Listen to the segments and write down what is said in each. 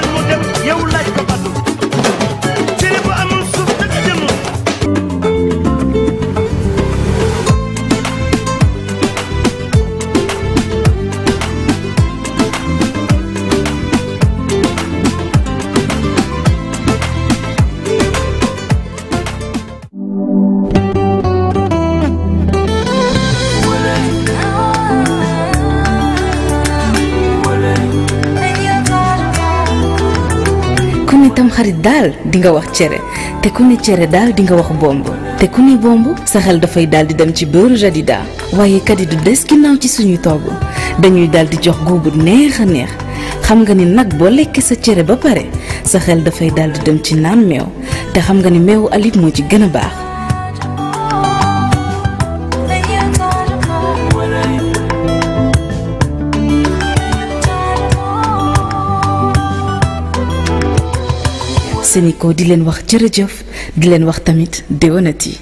leen mu dem yow la daal di nga wax cere te ku ne cere daal di nga wax bomb te ku ne bomb sa xel dafay daal di dem ci beurre Jadida waaye kat yi du des ginnaaw ci suñu togg dañuy daal di jox guubu neex a neex xam nga ni nag boo lekkee sa cere ba pare sa xel dafay daal di dem ci naan meew te xam nga ni meewu alit moo ci gën a baax. Sénico di leen wax jërëjëf di leen wax tamit déwénati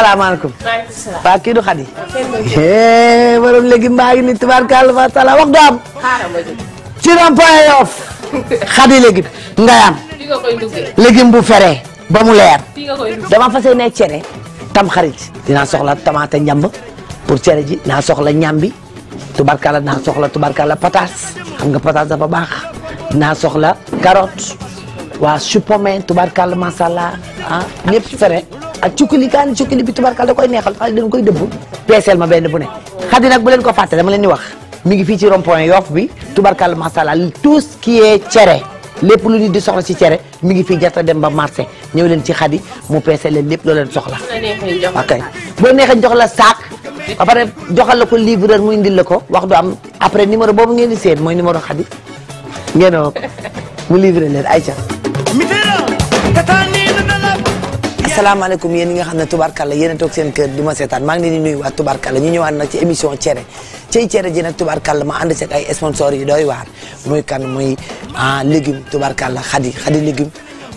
salaamaaleykum. maaleykum salaam. waa kii du xadi. borom léegi mbaa ngi nii tubaarkàlla fa tala wax du am. ci rond nga am. légume bu fere ba mu leer. dama fas yéene cere. tam xarit dinaa soxla tamaate ñamb pour cere ji dinaa soxla ñambi tubarkalla dinaa soxla tubarkalla pataas xam nga pataas dafa baax dinaa soxla carotte waa chou pomme masala ah fere. ak cukkili kaani cukkili bi tubarkal da koy neexal xale dañ koy dëbb peeseel ma benn bu ne xadi nag bu leen ko fàtte dama leen di wax mi ngi fii ci rond point Yoff bi tubarkal masala tout ce qui est cere lépp lu nit di soxla ci cere mi ngi fii jarta dem ba marché ñëw leen ci xadi mu peeseel leen lépp loo leen soxla ok boo neexee jox la saak ba pare joxal la ko livreur mu indil la ko wax du am après numéro boobu ngeen di seen mooy numéro xadi ngeen woo ko mu livré le ay ca salaamaaleykum yéen ñi nga xam ne tubarkalla yéen a toog seen kër di ma seetaan maa ngi leen di nuyu waa tubarkalla ñu ñëwaat nag ci émission cere cey cere ji nag tubarkalla ma ànd seeg ay sponsors yi doy waar muy kan muy ah, légume tubarkalla xadi xadi légume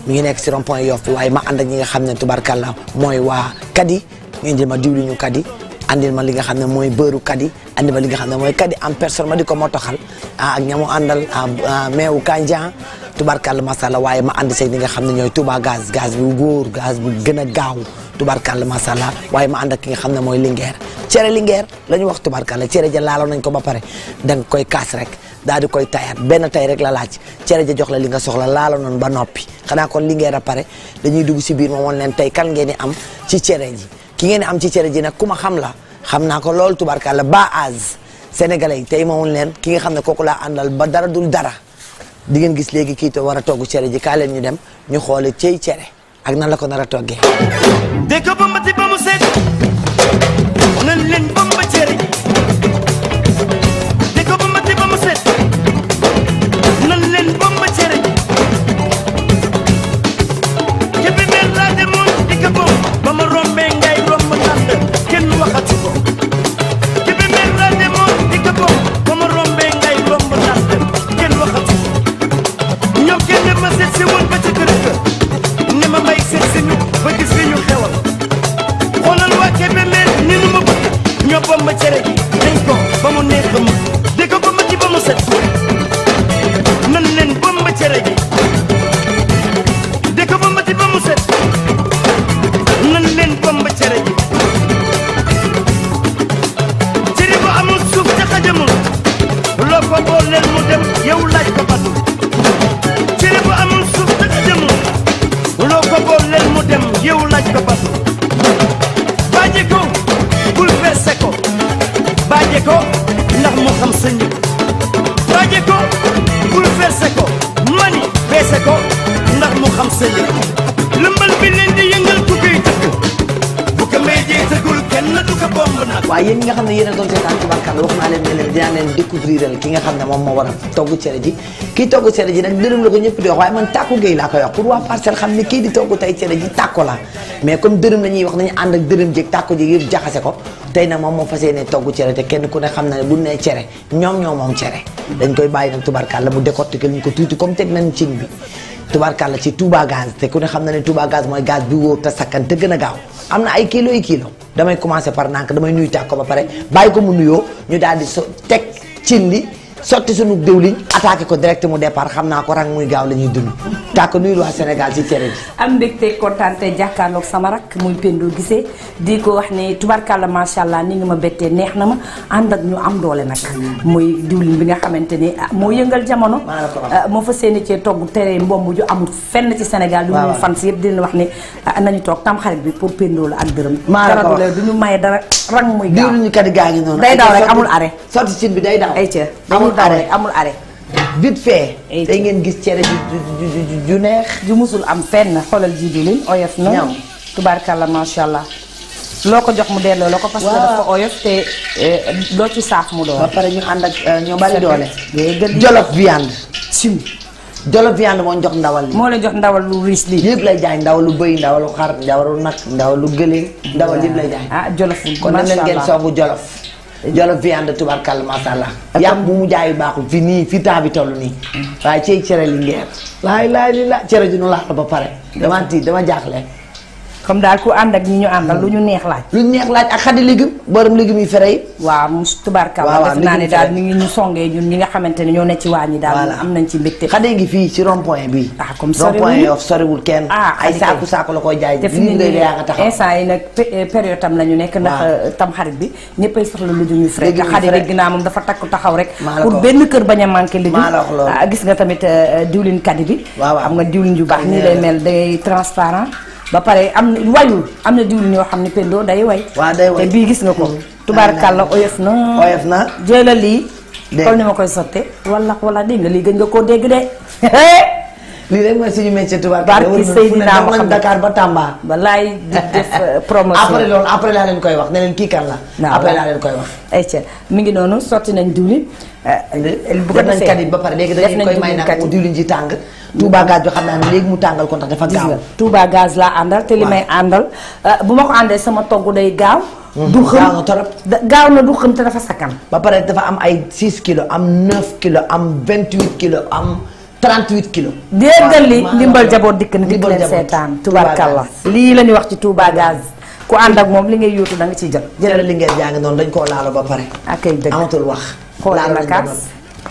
mu ngi nekk si rond point Yoff waaye ma ànd ak ñi nga xam ne tubarkalla mooy waa kadi ñu indil ma diwli ñu kadi andil ma li nga xam ne mooy bëru kadi andil ma li nga xam ne mooy kadi en personne ma di ko motoxal ah ak ñamu àndal ah, ah, meewu kànjaan tubarkalla masalla waaye ma ànd seeg nga xam ne ñooy Touba gaz gaz bu góor gaz bu gën a gaaw tubarkalla masalla waaye ma ànd ak ki nga xam ne mooy Linguère cere Linguère la ñu wax tubarkalla cere ja laaloon nañ ko ba pare da koy kaas rek daal di koy tayaat benn tay rek la laaj cere ja jox la li nga soxla laalo noonu ba noppi xanaa kon Linguère a pare dañuy dugg si biir moom woon leen tey kan ngeen di am ci cere ji ki ngeen am ci cere ji nag ku ma xam la xam naa ko loolu tubarkalla ba az sénégalais yi tey ma woon leen ki nga xam ne kooku laa àndal ba dara dul dara di ngeen gis léegi kiito war a togg cere ji kaa leen ñu dem ñu xoole cey cere ak nan la ko nar a toggee ñi nga xam ne yéen a doon ki nga xam ne moom moo war a togg cere ji kii togg cere ji nag dërëm la ko ñëpp di wax waaye man tàkku géey laa koy wax pour waa parcelle xam ne kii di togg tey cere ji tàkko la mais comme dërëm la ñuy wax nañu ànd ak dërëm jéeg tàkko ji yëpp jaxase ko tey na moom moo fas yéene togg cere te kenn ku ne xam na ne bu nee cere ñoom ñoo moom cere dañ koy bàyyi nag tubaarkàlla mu décortiquer ñu ko tuuti comme teg nañ cin bi tubaarkàlla ci Touba gaz ku ne xam na ne Touba mooy gaz bi wóor te sakkan te gën a gaaw am na ay kilo yi kilo damay commencer par nànk damay nuyu ko ba pare bàyyi ko mu nuyoo ñu daal di so teg cin li sotti sunu diwliñ attaqué ko direct mu départ xam naa ko rang muy gaaw la ñuy dund tàkk nuyu waa Sénégal ci cere bi am mbégte kontaan te jàkkaarloog sama rak muy Pendo Guissé di ko wax ne tubarkalla macha allah ni nga ma bettee neex na ma ànd ak ñu am doole nag muy diwlin bi nga xamante ni ah, moo yëngal jamono ah, moo fa seeni cee togg tere mbomb ju amul fenn ci Sénégal du ñu fan si yëpp di wax ne ah, nañu toog tam xarit bi pour Pendo la ak dërëm dara du la du ñu maye dara rang muy gaaw diwlin kat gaa ngi day daw rek amul arrêt sorti cin bi day daw ay ca amul arrêt amul vite fait. tey ngeen gis cere ju ju neex. ju musul am fenn xoolal ji diwlin oyof na. ñaw tubaarkàlla macha allah. loo ko jox mu delloo la ko. parce que oyof te eh, doo ci saaf mu doole. ba pare ñu ànd ak eh, ñoo bari doole. jolof viande. sim jolof viande moo jox ndawal li moo la jox ndawal lu riis lii. yëpp lay jaay ndawal lu bëy ndawal lu xar ndawal lu nag ndawal lu gële. ndawal yëpp lay jaay. ah mu kon na leen ngeen soogu jolof. jolof viande tubarkalla macha allah. yàpp bu mu jaayu baaxul fi nii fi temps bi toll nii. waaye ceeb cere li ngeer. laay laay li la cere ji nu laa la ba pare. dama tiit dama jaaxle. comme daal ku ànd ak ñi ñu àndal lu ñu neex laaj. lu ñu neex laaj ak xadi légume borom légume yi fere yi. waaw mu tubaarkalla def naa ne ñu ngi ñu songee ñun ñi nga xamante ne ñoo ne ci waañ yi am nañ ci mbégte. xade ngi fii ci rond point bi. ah comme soriwul rond point Yoff ah, ay saaku saaku la koy jaay. def nañu ne instant yi nag eh, période tam la ñu nekk. ndax eh, tam xarit bi ñëppay soxla lu ñu fere. légume xade léegi naa moom dafa takku taxaw rek. pour benn kër bañ a manqué ah, gis nga tamit eh, diwlin kadi bi. waaw am nga diwlin yu baax nii lay mel day transparent ba pare am na wayul am na diwlin yoo xam ne Pendo day way. waaw day way te bii gis nga ko. Mm. tubaarkàlla oyof na. oyof na jëlal lii. comme ni ma koy sotte wala wala dégg na lii gën nga koo dégg de. lii rek mooy suñu métier tubaarkàlla. barki Seydina ma xam Dakar ba Tamba. balaay di def uh, promotion. après loolu après laa leen koy wax ne kii kan la. après laa leen koy wax. ayca mi ngi noonu sotti nañ diwlin. Eh, bu ko nañ kanit ba pare léegi dañu koy may naan diwlin ji tàng Touba gaz bi xam naa ne léegi mu tàngal ko ndax dafa gaaw Touba gaz laa àndal te li may àndal eh, bu ma ko àndee sama togg day gaaw hmm. du xam gaaw na torop gaaw du xam te dafa sakkan ba pare dafa am ay 6 kilos am 9 kilo am 28 kilos am trent 38 kilos déggal li ndimbal jaboot dikk na dikk leen seetaan tubaarkàlla lii la ñuy wax ci Touba gaz ku ànd ak moom li ngay yootu da nga ciy jël. jëlal lingeer ngeen ngi noonu dañ koo laalo ba pare. ak ah, ay dëgg amatul wax. xool la ma kaas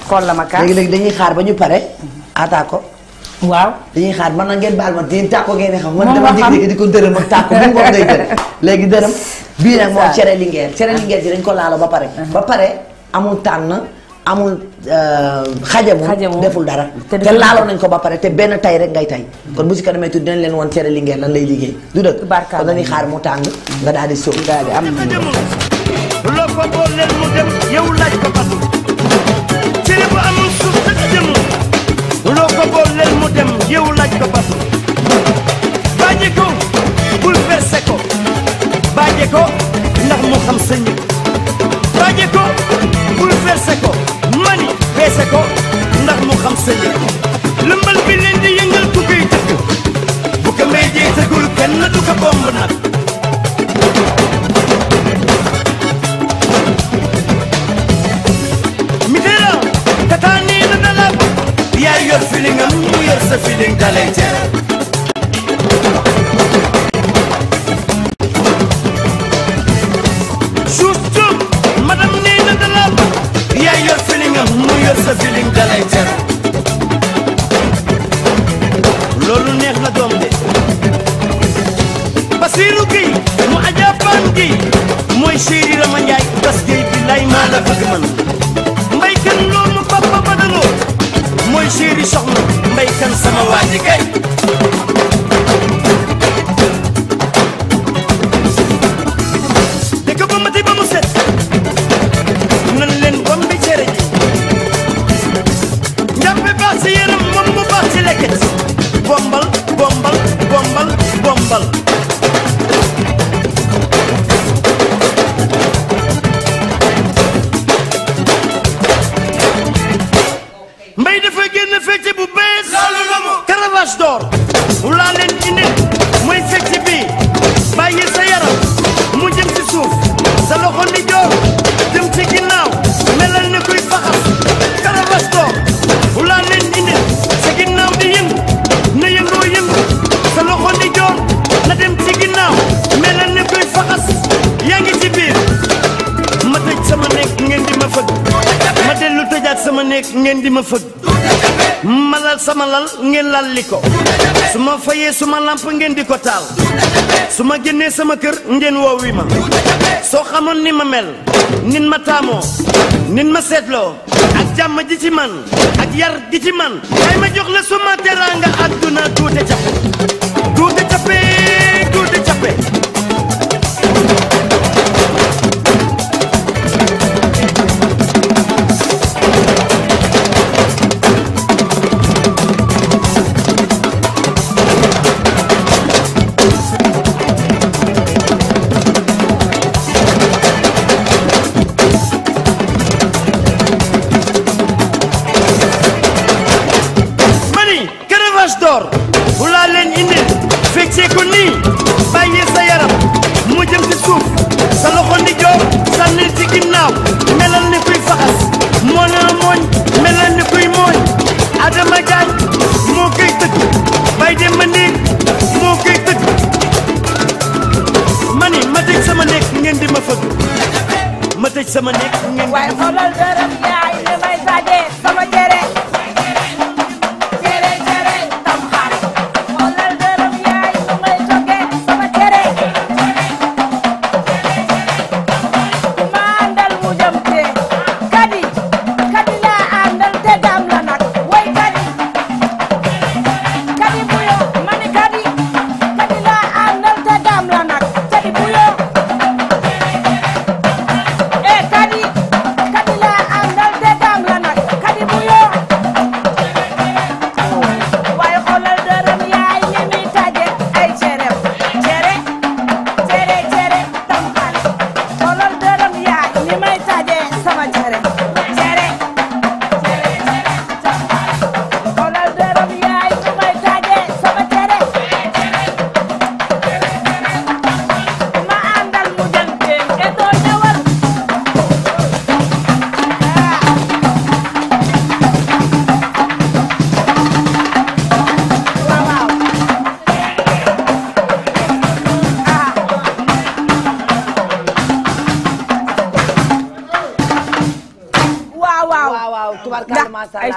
xool la ma kaas léegi léegi dañuy xaar ba ñu pare. Mhm. ataa ko. waaw dañuy xaar man na ngeen baal ma di tàkko ngeen xam man dama jékki-jékki di ko dërëm ak tàkko bu ngoog ngay jël léegi dërëm bii nag moom cere lingeer cere lingeer ji dañ ko laalo ba pare mhm. ba pare amul tànn amul euh, xajamu deful dara te laaloon nañ ko ba pare te benn tey rek ngay tay kon bu si kanamee dinañ leen woon cere lingeer lan lay liggéey du dëkk kon dañuy xaar mu tàng nga daal di sóob daal di am loo ko bool leen mu dem yow laaj ko fatu bàjje ko bul verse ko bàjje ko ndax mu xam sa njëg bàjje ko bouleversé ko mani beese ko ndax mu xam sa njëriñ lëmbal bi leen di yëngal ku koy tëgg bu ko may jee tëggul kenn du ko bomb nag mi tëra tataani na dalaa yaay yor filingam mu yor sa filing dalay teel ngeen di ma fëgg ma lal sama lal ngeen lal li ko su ma fayee suma lamp ngeen di ko taal su ma génnee sama kër ngeen woowi ma soo xamoon ni ma mel nin ma taamoo nin ma seetloo ak jàmm ji ci man ak yar gi ci man kay ma jox la suma teraanga àdduna duute cappe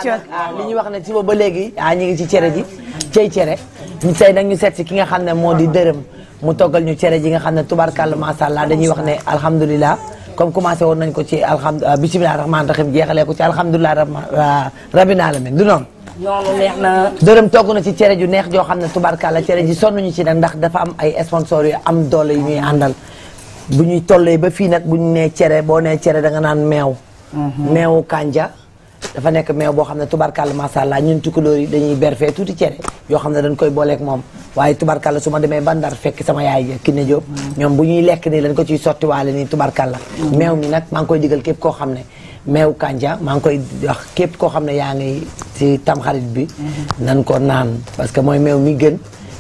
Ah, li ñuy wax ne suba ba léegi ah ñu ngi ci cere ji cey cere ñu tey nag ñu seet si ki nga xam ne moo di dërëm mu toggal ñu cere ji nga xam ne tubarkàlla macha allah dañuy wax ne alhamdulilah comme commencé woon nañ ko ci alhamdulilah bisimilah rahmaani rahim jeexalee ko ci alhamdulilah ah, rabbil alamin du noonu noonu neex na. dërëm togg na ci cere ju neex joo xam ne tubarkàlla cere ji sonn ñu ci nag ndax dafa am ay sponsor yu am doole yu ñuy àndal bu ñuy tollee ba fii nag bu ñu nee cere boo nee cere danga naan meew. Mm-hmm. meewu kanja. dafa nekk meew boo xam ne tubarkalla macha allah ñun tukkulóor yi dañuy berfee tuuti cere yoo xam ne dañ koy booleeg moom waaye tubarkalla su ma demee bandar fekk sama yaay ja ne Diop ñoom bu ñuy lekk nii lañ ko ciy sottiwaale nii la meew mi nag maa ngi koy digal képp koo xam ne meew kanja maa ngi koy wax képp koo xam ne yaa ngi ci tamxarit bi nan ko naan parce que mooy meew mi gën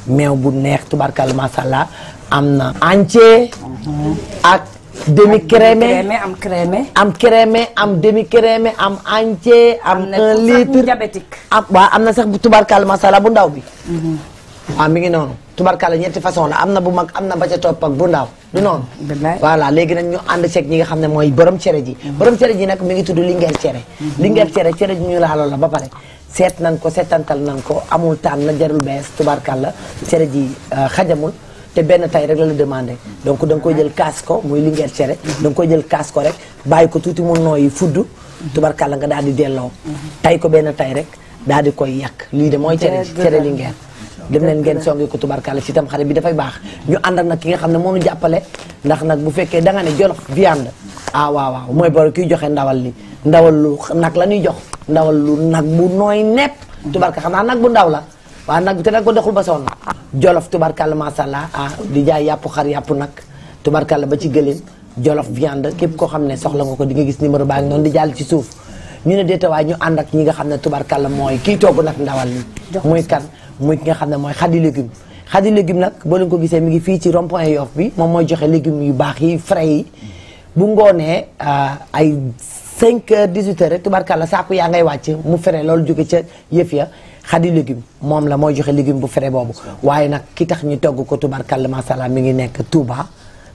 meew bu neex tubarkalla macha allah am na entier ak demi crémé am crémé am crémé am demi crémé am entier am un litre diabétique am waaw am na sax bu tubarkalla masala bu ndaw bi mhm. waaw mi ngi noonu la ñetti façon la am na bu mag am na ba ca topp bu ndaw du noonu voilà léegi nag ñu ànd ceeg ñi nga xam ne mooy borom cere ji mhm. borom cere ji nag mi ngi tudd lingeer cere mhm. lingeer cere cere ji ñu laaloo la ba pare seet nan ko seetantal nan ko amul tànn jarul bees la cere ji euh, xajamul te benn tay rek la la demande donc da nga koy jël kaas ko muy lingeer cere da nga koy jël kaas ko rek bàyyi ko tuuti mu nooy fudd tubarkàlla nga daal di delloo tay ko benn tay rek daal di koy yàq lii de mooy cere cere lingeer dem leen ngeen songi ko tubarkàlla ci tam xarit bi dafay baax ñu ànd ak nag ki nga xam ne moom jàppale ndax nag bu fekkee da ne jolof viande ah waaw mooy boro kiy joxe ndawal li ndawal lu nag la ñuy jox ndawal lu nag bu nooy nepp tubarka xam naa nag bu ndaw la waaw nag bi te nag ko doxul ba sonn jolof tubarkalla masàllaa ah di jaay yàpp xar yàpp nag tubarkalla ba ci gëléem jolof viande képp koo xam ne soxla nga ko di nga gis numéro baa ngi noonu di jàll ci suuf ñu ne deetawaay ñu ànd ak ñi nga xam ne tubarkalla mooy kii togg nag ndawal li muy kan muy ki nga xam ne mooy xadi légume xadi légume nag boo leen ko gisee mi ngi fii ci rond point Yoff bi moom mooy joxe légume yu baax yi frais yi bu ngoonee ah, ay 5 heures 18 rek tubarkalla saaku yaa ngay wàcc mu frais loolu jóge ca yëf ya xadi légume moom la mooy joxe légume bu frais boobu waaye nag ki tax ñi togg ko tubarkalla masala mi ngi nekk Touba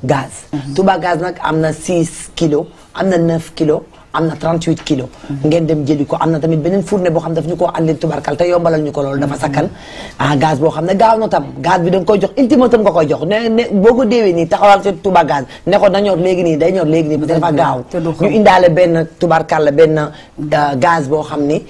gaz mhm. Touba gaz nag am na 6 kilos am na 9 kilos am na 38 kilos mhm. ngeen dem jëli ko am na tamit beneen fourne boo xam daf ñu koo àndil tubarkal te yombalal ñu ko loolu dafa mhm. sakkan ah gaz boo xam ne gaaw na tam gaz bi da nga koy jox ultimatum nga koy jox ne ne boo ko déewee nii taxawal ci Touba gaz ne ko na ñor léegi nii day ñor léegi nii parce que dafa gaaw benn tubarkal benn euh, boo xam ni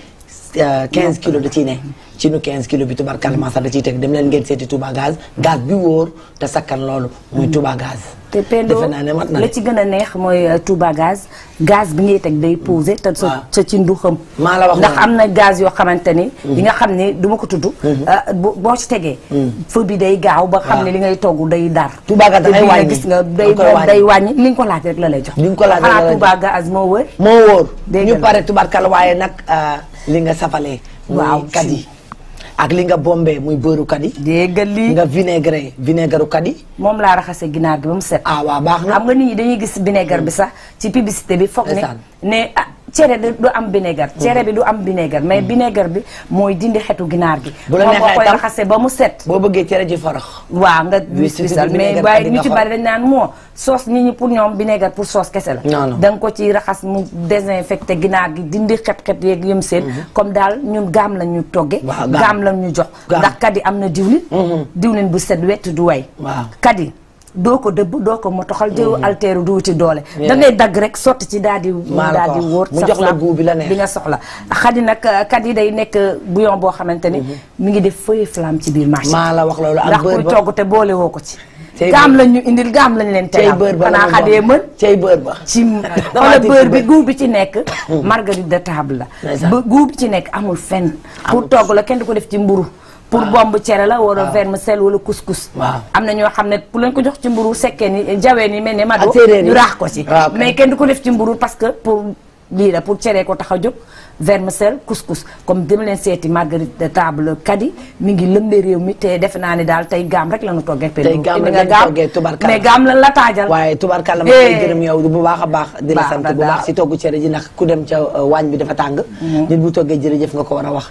15 euh, kilos da ciy ci nu 15 kilos bi tubarkalla masa da ciy teg dem leen ngeen seeti Touba gaz gaz bi wóor te sakkan loolu muy mm. Touba gaz te Pendo la ci gën a neex mooy euh, Touba gaz gaz bi ngay teg day posé te sa ah. sa ci nduxam maa la wax ndax am na gaz yoo xamante ni mm. yi nga xam ne du ma ko tudd mm-hmm. euh, boo ci tegee mm. feu bi day gaaw ba xam ah. ne li ngay togg day dar Touba gaz dangay wàññi gis nga day day wàññi li nga ko laaj rek la lay jox li nga ko la lay jox Touba gaz moo wóor moo wóor ñu pare tubarkalla waaye nag li nga safalee. waaw muy kadi ak li nga bombe muy bëru beurre kadi. dégg lii nga vinaigre vinaigre kadi. moom laa raxase ginaar gi ba mu set. ah waaw baax na xam nga nit ñi dañuy gis vinaigre bi sax ci publicité bi. foog ne ne ah, cere du am vinaigre mhm. cere bi du am vinaigre mais mhm. vinaigre bi mooy dindi xetu ginaar gi bu la neexee koy ba mu set boo bëggee cere ji farax waaw nga wis wisal mais waaye ñu ci bari dañ naan moo soos nit ñi pour ñoom vinaigre pour soos kese la da nga ko ci raxas mu désinfecté ginaar gi dindi xet-xet yeeg yëm seen mhm. comme daal ñun gaam la ñu togge gaam la ñu jox ndax kadi am na diwlin diwlin bu set wett du way kadi doo ko dëbb doo ko motoxal jëru mhm. alteeru duuti doole da ngay dagg rek sotti ci daal di daal di wóor mu jox la goût bi la neex bi nga soxla xadi nag euh, kat yi day nekk euh, bouillon boo xamante ni mu mhm. ngi def feuille flamme ci biir marché maa la wax loolu ndax kuy togg te boole woo ko ci gaam lañ ñu indil gaam lañ leen tegal xanaa xadee mën cay beurre ba ci wala beurre bi goût bi ci nekk mhm. marguerite de table la goût bi ci nekk amul fenn pour togg la kenn du ko def ci mburu pour ah. bomb cere la wala ah. vermicelle wala couscous ah. am na ñoo xam ne pour lañ ko jox ci mburu sekkee ni jawee ni mel ne mado ñu raax ko ci mais kenn du ko def ci mburu parce que pour lii la pour cere ko tax a jóg vermicelle couscous comme dem leen seeti marguerite de table kadi mi ngi lëmbee réew mi te defe naa ne daal tey gaam rek la ñu toggee. tey gaam la ñu toggee la la waaye tubarkalla ma koy eh. yow bu baax a baax. di la sant bu baax si toggu cere ji ndax ku dem ca euh, waañ bi dafa tàng. Mhm. nit bu toggee jërëjëf nga ko war a wax.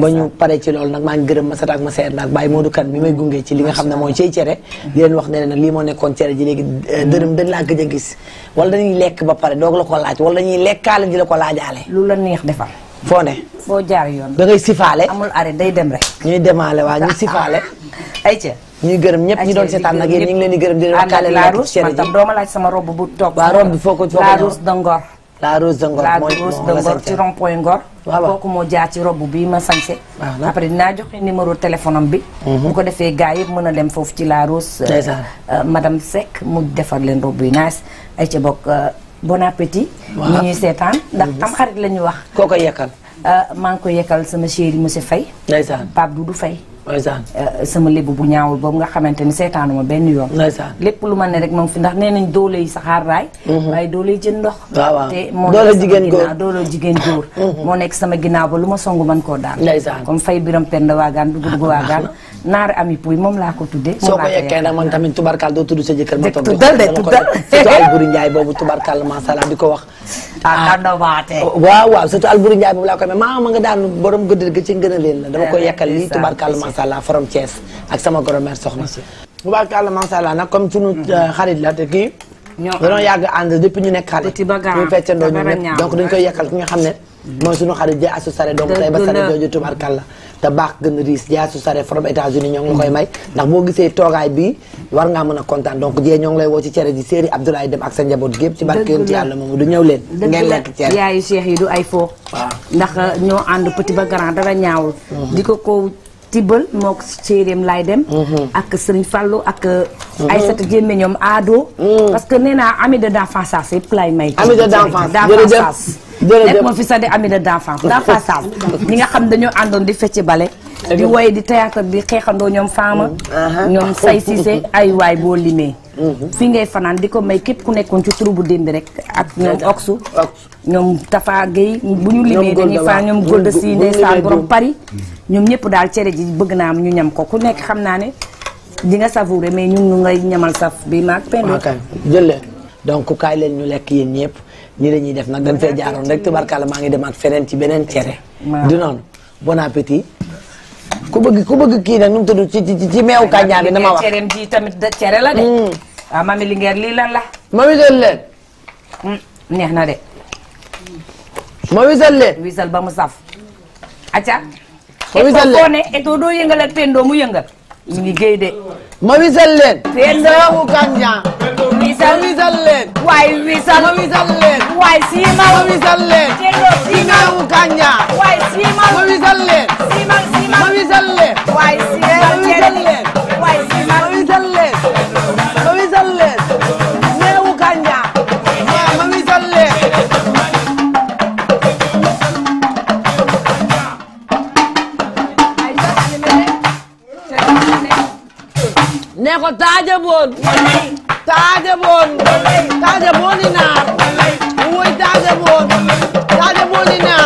ba ñu paree ci loolu nag maa ngi gërëm ma sataak ma seer naag bàyyi Modou Kane mi may gunge ci li nga xam ne mooy cey cere. di leen wax ne leen nag lii moo nekkoon cere ji léegi euh, dërëm dañ laa gëj a gis wala dañuy lekk ba pare doog la ko laaj wala dañuy lekkaale di la ko laajaale. lu la neex defal. foo ne. boo yoon da ngay sifaale. amul arrêt day dem rek. ñuy demaale waa ñuy sifaale. ayca. ñuy gërëm ñëpp ñi doon seetaan nag yéen ñu ngi leen di gërëm di leen. ànd ak doo ma laaj sama robe bu toog. waaw robe bi foo ko foo ko ñëw laaruus de la rose de Ngor la rose de Ngor ci rond point Ngor. waaw moo jaar ci robe bii ma sañse après dinaa joxe numéro téléphone bi. Mhm. bu ko defee gars yëpp mën a dem foofu ci la rose. Euh, euh, madame Seck mu defar leen robe yu nice ay ci bokk euh, bon appétit. waaw ñu ñuy seetaan ndax mhm. tam xarit la ñuy wax. koo koy yekkal. maa ngi koy yekkal sama chéri monsieur Faye. ndeysaan du Doudou Faye. Eh, sama lébu bu ñaawul boobu nga xamante ni seetaanuma benn yoon lépp lu ma ne rek moom fi ndax nee nañ doole yi saxaar raay mhm. waaye doole yi jën ndox te moo doole jigéen góor doole jigéen góor moo nekk sama ginnaaw ba lu ma songu man koo daan comme fay biram pend waagaan du dugg waagaan naar ami puy moom laa ko tuddee. soo ko yekkee nag man tamit tubarkaal doo tudd sa jëkkër ma toog. tuddal de tuddal surtout Alburi di ko wax. ah, ah. waaw waaw surtout Alburi Ndiaye boobu laa koy mais maa ma nga daan borom gëdd ga ci a leen la dama koy ah, yekkal lii tubarkaal macha allah forom Thiès ak sama grand-mère soxna. tubarkaal macha allah nag comme sunu mm-hmm. euh, xarit la te kii. ñoo dañoo yàgg ñu nekk xale. ñu feccandoo ñu nekk donc dañ koy nga xam ne. Mm-hmm. mooy sunu xarit jë asu sare ba sare jooju tubarkaal la te baax gën a riis jaay su sare from États-Unis ñoo ngi koy may ndax boo gisee toogaay bi war ngaa mën a kontaan donc jee ñoo ngi lay woo ci cere ji séeri Abdoulaye Dem ak sa njaboot gépp ci barke yonent yàlla moomu du ñëw leen ngeen lekk cere yaayu cheikh yi du ay foo ndax euh, ñoo ànd petit ba grand dara ñaawul mhm. di ko ko tibbal moo ko céeréem laay dem mhm. ak sëriñ Fallou ak euh, mhm. Aïssata Jéeme ñoom aado parce que nee naa ami de d'enfance c'est play may ami de d'enfance jërëjëf jërëjëf nekkoon fi sax di Amina d'enfant d'enfant Sall ñi nga xam dañoo àndoon di fecc bale di woy di théâtre di xeexandoo ñoom Fama uh-huh. ñoom Say Cissé ay waay boo limee mm-hmm. fii ngay fanaan di ko may képp ku nekkoon ci troupe bu démb rek ak ñoom Oxu ñoom Tafa Gueye bu ñu limee dañuy fa ñoom Golda Sy ndeysaan borom Paris ñoom ñëpp daal cere ji bëgg naa am ñu ñam ko ku nekk xam naa ne di nga savouré mais ñun ñu ngay ñamal saf bi maag pendo jëlee donc kaay leen ñu lekk yéen ñëpp lii la def nag dañ fee jaaroon rek tubarkalla maa ngi demaat feneen ci beneen cere. du noonu bon appétit. ku bëgg ku bëgg kii nag nu mu tudd ci ci ci meew kànja bi dama wax. la de. waaw hmm. ah, mami lii lan la. ma wisal leen. Hmm, na de. ma wisal leen. wisal ba mu saf. ma wisal leen mu yëngal. liggéey ma wisal leen. waay wisal ma wisal leen. waay siimal ma wisal leen. jéego siimal mu kanja. waay siimal ma wisal leen. siimal siimal ma wisal leen. waay siimal ma wisal leen. waay siimal ma wisal leen. ma wisal leen. neewu kanja. ma wisal leen. ne ko taajaboon. taaja boon taaja booni naar woy taaja boon taaja booni naar